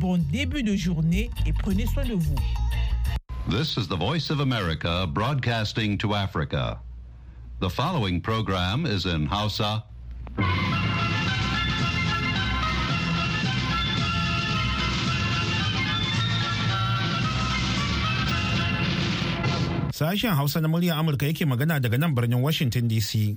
Bon début de journée et prenez soin de vous. This is the Voice of America broadcasting to Africa. The following program is in Hausa. Sashen Hausa na murya Amurka yake magana daga nan Washington DC.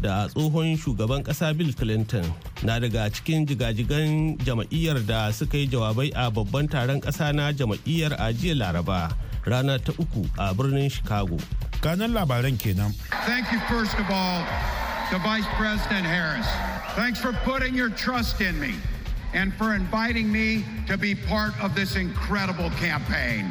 da tsohon shugaban ƙasa bill clinton na daga cikin jigajigan jama'iyyar da suka yi jawabai a babban taron ƙasa na jama'iyyar a jiya laraba rana ta uku a birnin chicago kanan labaran kenan thank you first of all to vice president harris thanks for putting your trust in me and for inviting me to be part of this incredible campaign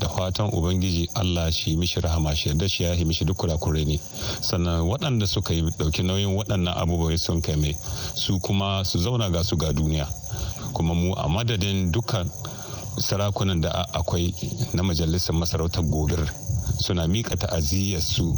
da fatan ubangiji allah shi mishi rahama shi yadda shi ya mishi duk kura ne sannan waɗanda suka yi ɗauki nauyin waɗannan abubuwa sun kai mai su kuma su zauna ga su ga duniya kuma mu a madadin dukkan sarakunan da akwai na majalisar masarautar gobir suna miƙa ta'aziyyarsu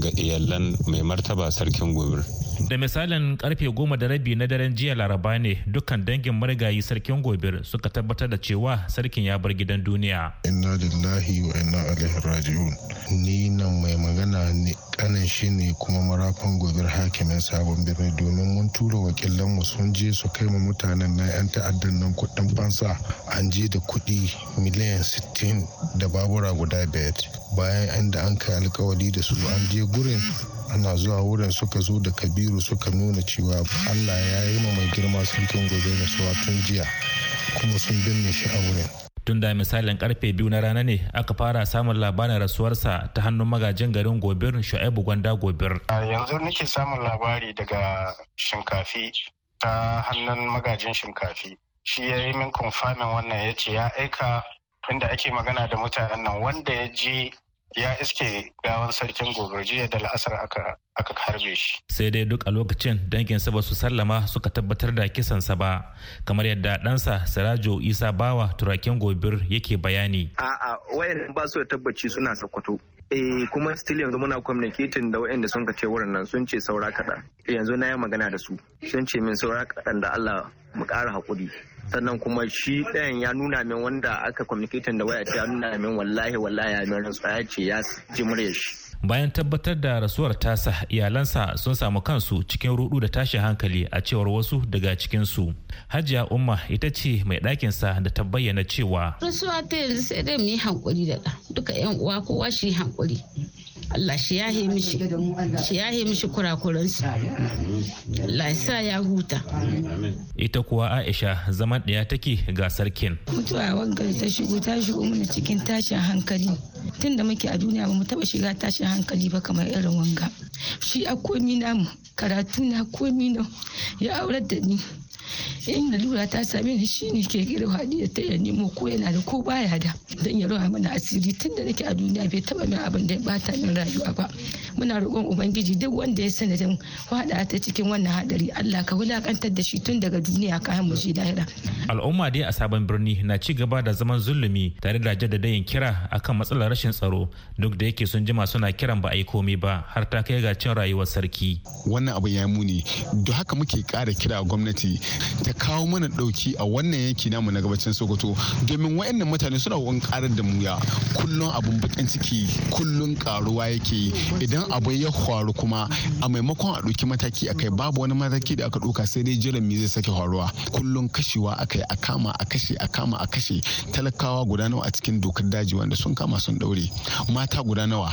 ga iyalan mai martaba sarkin gobir da misalin karfe goma da rabi na daren jiya laraba ne dukkan dangin marigayi sarkin gobir suka tabbatar da cewa sarkin ya bar gidan duniya inna lillahi wa inna ilaihi raji'un ni nan mai magana ne kanin shi ne kuma marafan gobir hakimin sabon birni domin mun tura wakilanmu sun je su kai mu mutanen na 'yan ta'addan nan kudin fansa an je da kudi miliyan 60 da babura guda biyar bayan inda an kai alkawari da su an je gurin ana zuwa wurin suka zo da kabiru suka nuna cewa allah ya yi ma mai girma sarkin gobe da tun jiya kuma sun binne shi a wurin tun da misalin karfe biyu na rana ne aka fara samun labarin rasuwarsa ta hannun magajin garin gobir shu'aibu gwanda gobir yanzu nake samun labari daga shinkafi ta hannun magajin shinkafi shi ya yi min wannan ya ce ya aika inda ake magana da mutanen nan wanda ya je ya iske gawan sarkin gobe jiya da la'asar aka harbe shi. Sai dai duk a lokacin danginsa ba su sallama suka tabbatar da kisan sa ba kamar yadda ɗansa Sirajo Isa Bawa turakin gobir yake bayani. A'a wayan ba su da tabbaci suna sakwato. eh kuma still yanzu muna communicating da waɗanda sun kace wurin nan sun ce saura kaɗan yanzu na yi magana da su sun ce min saura kaɗan da Allah mu ƙara haƙuri sannan kuma shi ɗayan ya nuna min wanda aka communicating da waya ya nuna min wallahi wallahi ya ce ya ji muryar shi bayan tabbatar da rasuwar tasa iyalansa sun samu kansu cikin rudu da tashin hankali a cewar wasu daga cikinsu hajiya umma ita ce mai sa da ta bayyana cewa rasuwa ta yanzu sai dai mu yi hankuri da duka yan uwa kowa shi hankuri Allah shi yahe mishi shi yahe mishi kurakuransu Allah sa ya huta ita kuwa Aisha zaman ɗaya take ga sarkin mutuwa wangar ta shigo ta shigo mana cikin tashin hankali tun da muke a duniya mu taba shiga tashin hankali ba kamar irin wanga shi a komi namu karatu na komi na ya aurar da ni in lalura ta same ni shine ke gida hadiya ta ya nemo ko yana da ko baya da dan ya rawa mana asiri tun da nake a duniya bai taba min abin da ya bata min rayuwa ba muna roƙon ubangiji duk wanda ya sanadin hada ta cikin wannan hadari Allah ka wulakantar da shi tun daga duniya kayan mu shi lahira al'umma dai a sabon birni na ci gaba da zaman zulumi tare da yin kira akan matsalar rashin tsaro duk da yake sun jima suna kiran ba a yi komai ba har ta kai ga cin rayuwar sarki wannan abu ya muni da haka muke kara kira gwamnati ta kawo mana dauki a wannan yanki namu na gabacin sokoto domin wayannan mutane suna wani karar da muya kullum abun bakin ciki kullum karuwa yake idan abu ya faru kuma a maimakon a ɗauki mataki akai babu wani mataki da aka ɗauka sai dai jiran me zai sake faruwa kullum kashewa akai a kama a kashe a kama a kashe talakawa guda nawa a cikin dokar daji wanda sun kama sun ɗaure mata guda nawa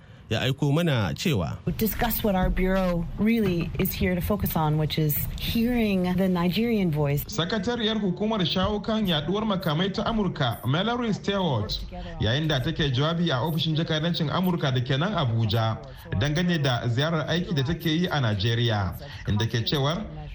ya aiko mana cewa discuss what our bureau is here focus on which is the Nigerian voice sakatariyar hukumar shawo kan yaduwar makamai ta Amurka Mallory Stewart yayin da take jawabi a ofishin jakadancin Amurka da ke nan Abuja dangane da ziyarar aiki da take yi a Najeriya inda ke cewar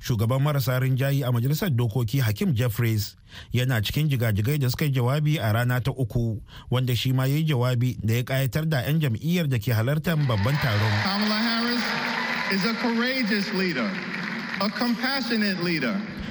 shugaban marasa rinjayi a majalisar dokoki hakim jeffries yana cikin jigajigai da suka yi jawabi a rana ta uku wanda shi ma ya yi jawabi da ya kayatar da 'yan jam'iyyar da ke halartar babban taron Kamala Harris is a courageous leader, a compassionate leader.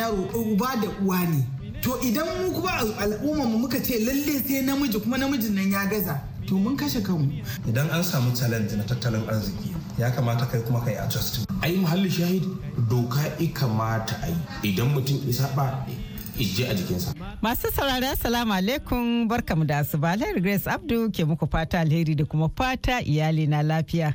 yaro uba da uwa ne to idan mu kuma al'umma mu muka ce lalle sai namiji kuma namijin nan ya gaza to mun kashe kanmu idan an samu challenge na tattalin arziki ya kamata kai kuma kai adjusting ai muhalli shahid doka i kamata ai idan mutum isa ba ije a jikin sa masu saurari assalamu alaikum barkamu da asuba lahir grace abdu ke muku fata alheri da kuma fata iyali na lafiya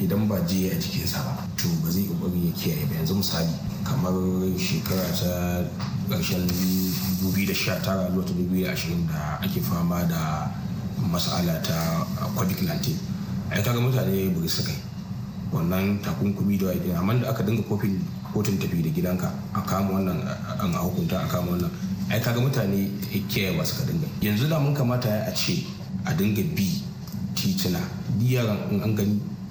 idan ba jiye a sa ba to ba zai kokari ya kiyaye ba yanzu misali kamar shekara ta ƙarshen 2019 zuwa ta 2020 da ake fama da mas'ala ta covid-19 ai kaga mutane bari su kai wannan takunkumi da wajen amma da aka dinga kofin kotun tafi da gidanka a kama wannan an a hukunta a kama wannan ai kaga mutane kiyaye ba suka dinga yanzu da mun kamata a ce a dinga bi titina diyaran an gani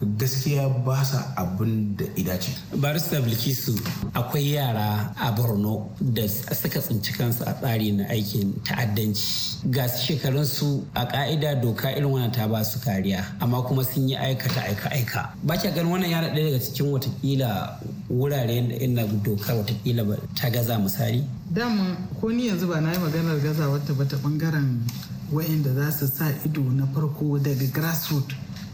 gaskiya ba sa abin da idace. barista bilkisu akwai yara a borno da suka tsinci kansu a tsari na aikin ta'addanci ga su a ka'ida doka irin wannan ta ba su kariya amma kuma sun yi aikata aika-aika ba ki ganin wannan yana ɗaya daga cikin watakila wurare inda dokar watakila ta gaza misali dama ko ni yanzu ba na yi maganar ba ta bata bangaren wayanda za su sa ido na farko daga grassroots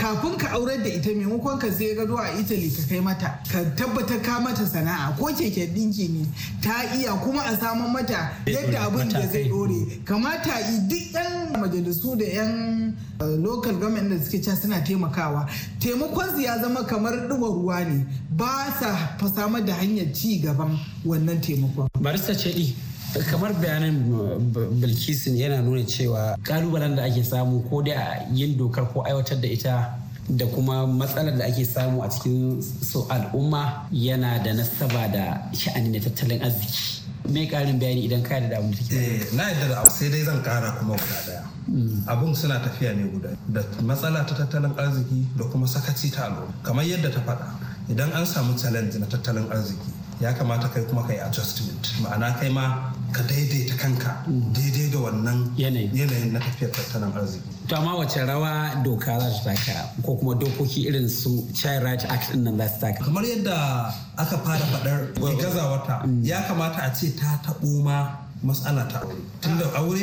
kafin ka aurar da ita maimakon ka sai gado a italy ka kai mata ka tabbatar ka mata sana'a ko keke dinki ne ta iya kuma a samun mata yadda abin da zai dore kamata yi duk yan majalisu da yan eh, local government da suke ca suna taimakawa taimakon su ya zama kamar ɗuwar ruwa ne ba sa samar da hanyar ci gaban wannan taimakon barista ce kamar bayanin eh, bilkisin yana nuna cewa kalubalen da ake samu ko da yin dokar ko aiwatar da ita da kuma matsalar da ake samu a cikin su al'umma yana da nasaba da sha'anin da tattalin arziki mai karin bayani idan ka da abin da take eh, na yadda da sai dai zan kara kuma guda daya mm. abun suna tafiya ne guda da matsala ta tattalin arziki da kuma sakaci ta al'umma kamar yadda ta faɗa idan an samu challenge na tattalin arziki ya kamata kai kuma kai adjustment ma'ana kai ma ka daidaita kanka daidai da wannan yanayin na tafiyar tattalin arziki. To amma wace rawa doka za su taka ko kuma dokoki irin su Child Right Act din nan za su taka? Kamar yadda aka fara faɗar wata ya kamata a ce ta taɓo ma matsala ta aure tunda aure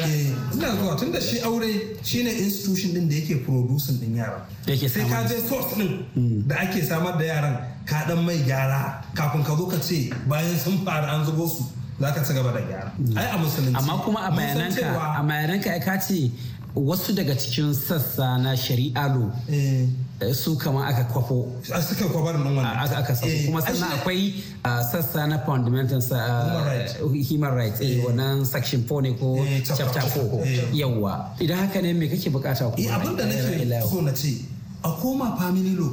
eh, ina zuwa tunda shi aure shine institution din da yake producing din yara sai ka je source din hmm. da ake samar da yaran ka dan mai gyara kafin ka zo ka ce bayan sun fara an zubo su za ka ci gaba da gyara ai a musulunci amma kuma a bayananka a bayananka ai ka ce wasu daga cikin sassa na shari'a lo eh. Eh, su kama aka kwafo A suka kwabar nan wannan aka sassa eh, kuma sannan akwai ah, sassa na fundamental ah, human rights eh wannan section 4 ne ko chapter 4 yawa idan haka ne me kake bukata kuma abin da nake so na ce a koma family law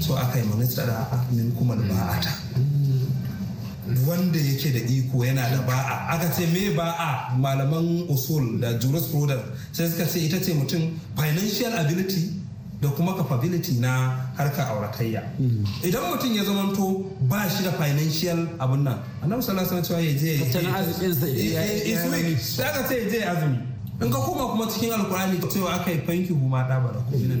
so aka yi manistara min kuma ba'ata wanda yake da iko yana da ba'a aka ce me ba'a malaman usul da jurisprudence sai suka ce ita ce mutum financial ability da kuma capability na harka auratayya idan mutum ya zamanto ba shi da financial abun nan annabi sallallahu alaihi wasallam ya je tana azumin sa ya Sai aka ce ya je azumi in ka koma kuma cikin alkurani cewa aka yi fanki huma da ba da kuma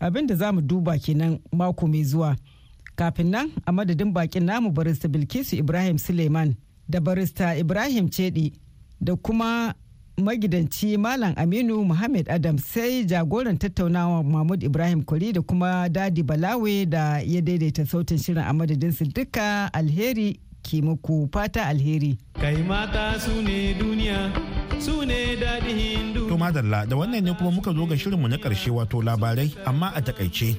abin da za mu duba kenan mako mai zuwa kafin nan a madadin bakin namu barista bilkisu ibrahim suleiman da barista ibrahim cedi da kuma magidanci malam aminu muhammad adam sai jagoran tattaunawa mahmud ibrahim kuri da kuma dadi balawe da ya daidaita sautin shirin a madadinsu duka alheri ke muku fata alheri kai mata su ne duniya su ne daɗin hindu. To madalla da wannan ne kuma muka zo ga shirinmu na ƙarshe wato labarai amma a takaice.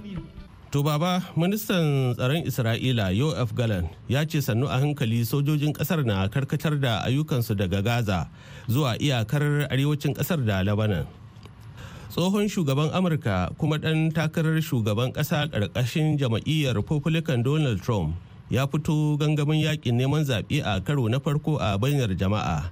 To baba ministan tsaron Isra'ila Yoav Galan ya ce sannu a hankali sojojin kasar na karkatar da ayyukansu daga Gaza zuwa iyakar arewacin kasar da Lebanon. Tsohon shugaban Amurka kuma ɗan takarar shugaban ƙasa ƙarƙashin jama'iyyar Republican Donald Trump ya fito gangamin yaƙin neman zaɓe a karo na farko a bayyar jama'a.